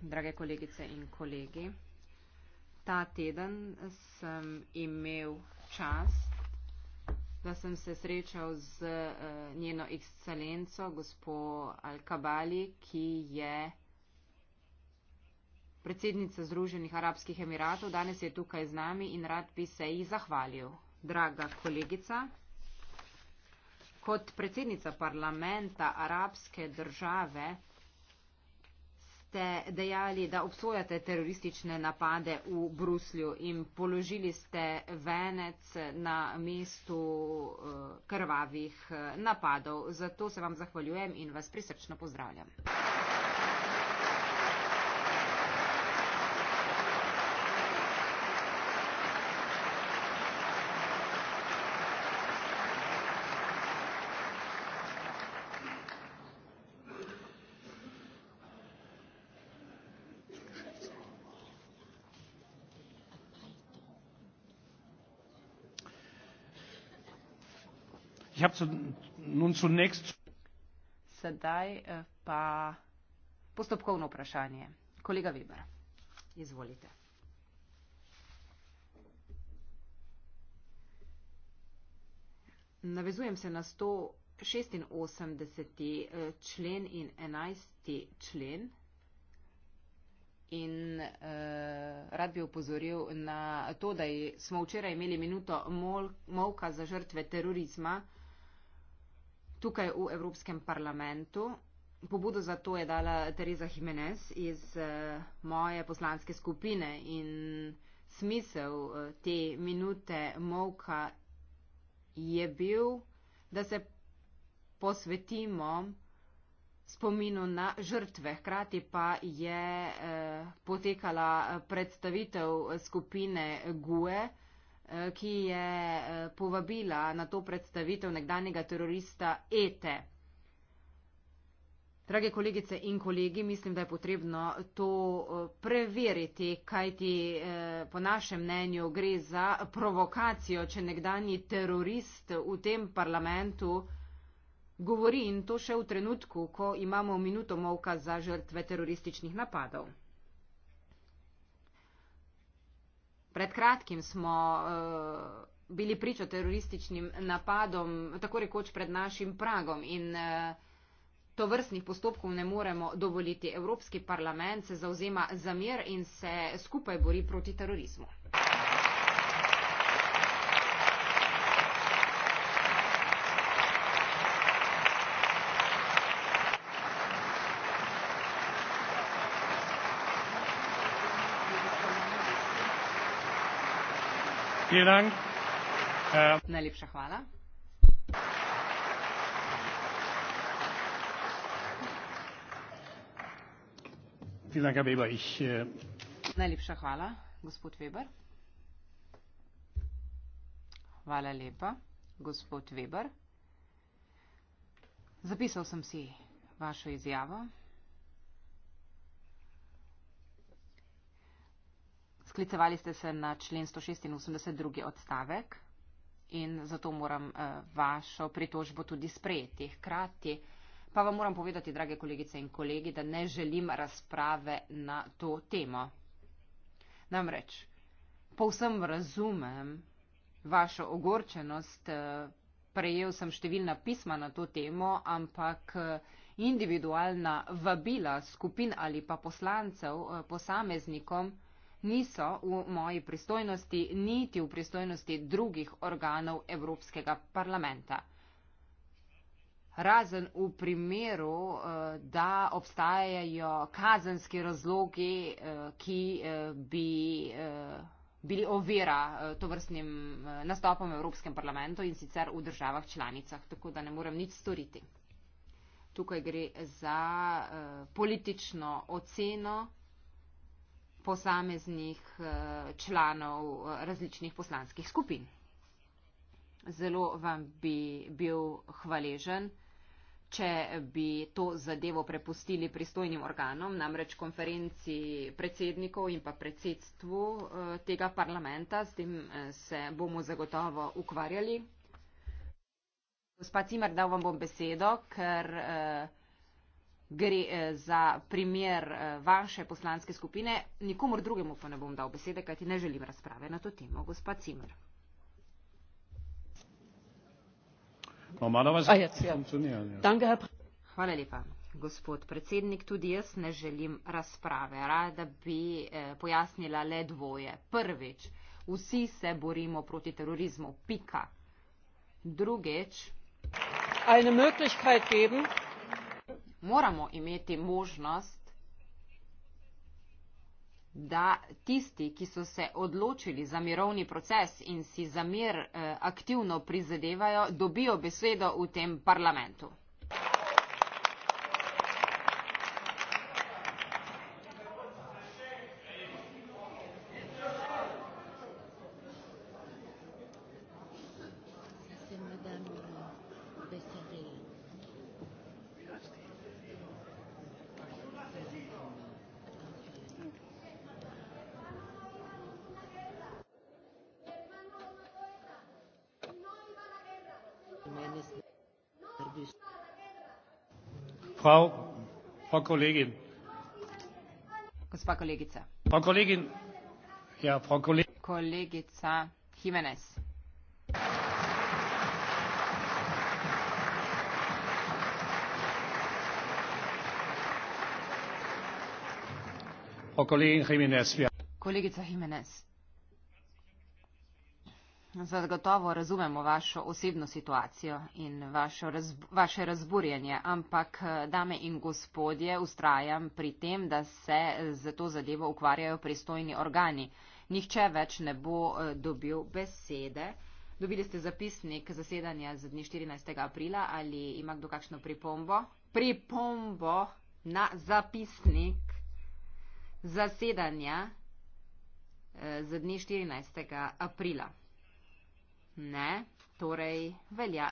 Drage kolegice in kolegi, ta teden sem imel čast, da sem se srečal z eh, njeno ekscelenco, gospo Al-Kabali, ki je predsednica Združenih arabskih emiratov. Danes je tukaj z nami in rad bi se ji zahvalil. Draga kolegica, kot predsednica parlamenta arabske države, ste dejali, da obsojate teroristične napade v Bruslju in položili ste venec na mestu eh, krvavih eh, napadov. Zato se vam zahvaljujem in vas prisrčno pozdravljam. Ich habe nun zunächst. Sedaj eh, pa postopkovno vprašanje. Kolega Weber, izvolite. Navezujem se na 186. Eh, člen in 11. člen in eh, rad bi upozoril na to, da smo včeraj imeli minuto molka za žrtve terorizma tukaj v Evropskem parlamentu. Pobudo za to je dala Teresa Jimenez iz eh, moje poslanske skupine in smisel eh, te minute molka je bil, da se posvetimo spominu na žrtve. Hkrati pa je eh, potekala predstavitev skupine GUE, Eh, ki je eh, povabila na to predstavitev nekdanjega terorista Ete. Drage kolegice in kolegi, mislim, da je potrebno to eh, preveriti, kajti po našem mnenju gre za provokacijo, če nekdani terorist v tem parlamentu govori in to še v trenutku, ko imamo minuto molka za žrtve terorističnih napadov. Pred kratkim smo uh, bili pričo terorističnim napadom, tako rekoč pred našim pragom in uh, eh, to vrstnih postopkov ne moremo dovoliti. Evropski parlament se zauzema za mir in se skupaj bori proti terorizmu. Vielen Dank. Ähm, Najlepša hvala. Vielen Dank, Herr Weber. Ich, äh, Najlepša hvala, gospod Weber. Hvala lepa, gospod Weber. Zapisal sem si vašo izjavo. Sklicevali ste se na člen 186. drugi odstavek in zato moram eh, vašo pritožbo tudi sprejeti. Hkrati pa vam moram povedati, drage kolegice in kolegi, da ne želim razprave na to temo. Namreč, povsem razumem vašo ogorčenost, eh, prejel sem številna pisma na to temo, ampak eh, individualna vabila skupin ali pa poslancev posameznikom, niso v moji pristojnosti, niti v pristojnosti drugih organov Evropskega parlamenta. Razen v primeru, eh, da obstajajo kazenski razlogi, eh, ki eh, bi bili ovira to vrstnim nastopom v Evropskem parlamentu in sicer v državah članicah, tako da ne morem nič storiti. Tukaj gre za politično oceno posameznih eh, članov eh, različnih poslanskih skupin. Zelo vam bi bil hvaležen, če bi to zadevo prepustili pristojnim organom, namreč konferenci predsednikov in pa predsedstvu eh, tega parlamenta, s tem se bomo zagotovo ukvarjali. Gospa Cimer, dal vam bom besedo, ker eh, gre eh, za primer eh, vaše poslanske skupine, nikomor drugemu pa ne bom dal besede, kajti ne želim razprave na to temo. Gospa Cimer. Ja, ja. Ja. Hvala lepa, gospod predsednik. Tudi jaz ne želim razprave. Rada bi eh, pojasnila le dvoje. Prvič, vsi se borimo proti terorizmu. Pika. Drugič. Eine Möglichkeit geben, moramo imeti možnost, da tisti, ki so se odločili za mirovni proces in si za mir eh, aktivno prizadevajo, dobijo besedo v tem parlamentu. frau kollegin frau kollegin ja frau kollegin frau kollegin jimnez Zagotovo razumemo vašo osebno situacijo in vašo raz, vaše razburjenje, ampak dame in gospodje, ustrajam pri tem, da se za to zadevo ukvarjajo pristojni organi. Nihče več ne bo dobil besede. Dobili ste zapisnik zasedanja z dne 14. aprila ali ima kdo kakšno pripombo? Pripombo na zapisnik zasedanja z dne 14. aprila. Ne, torej velja.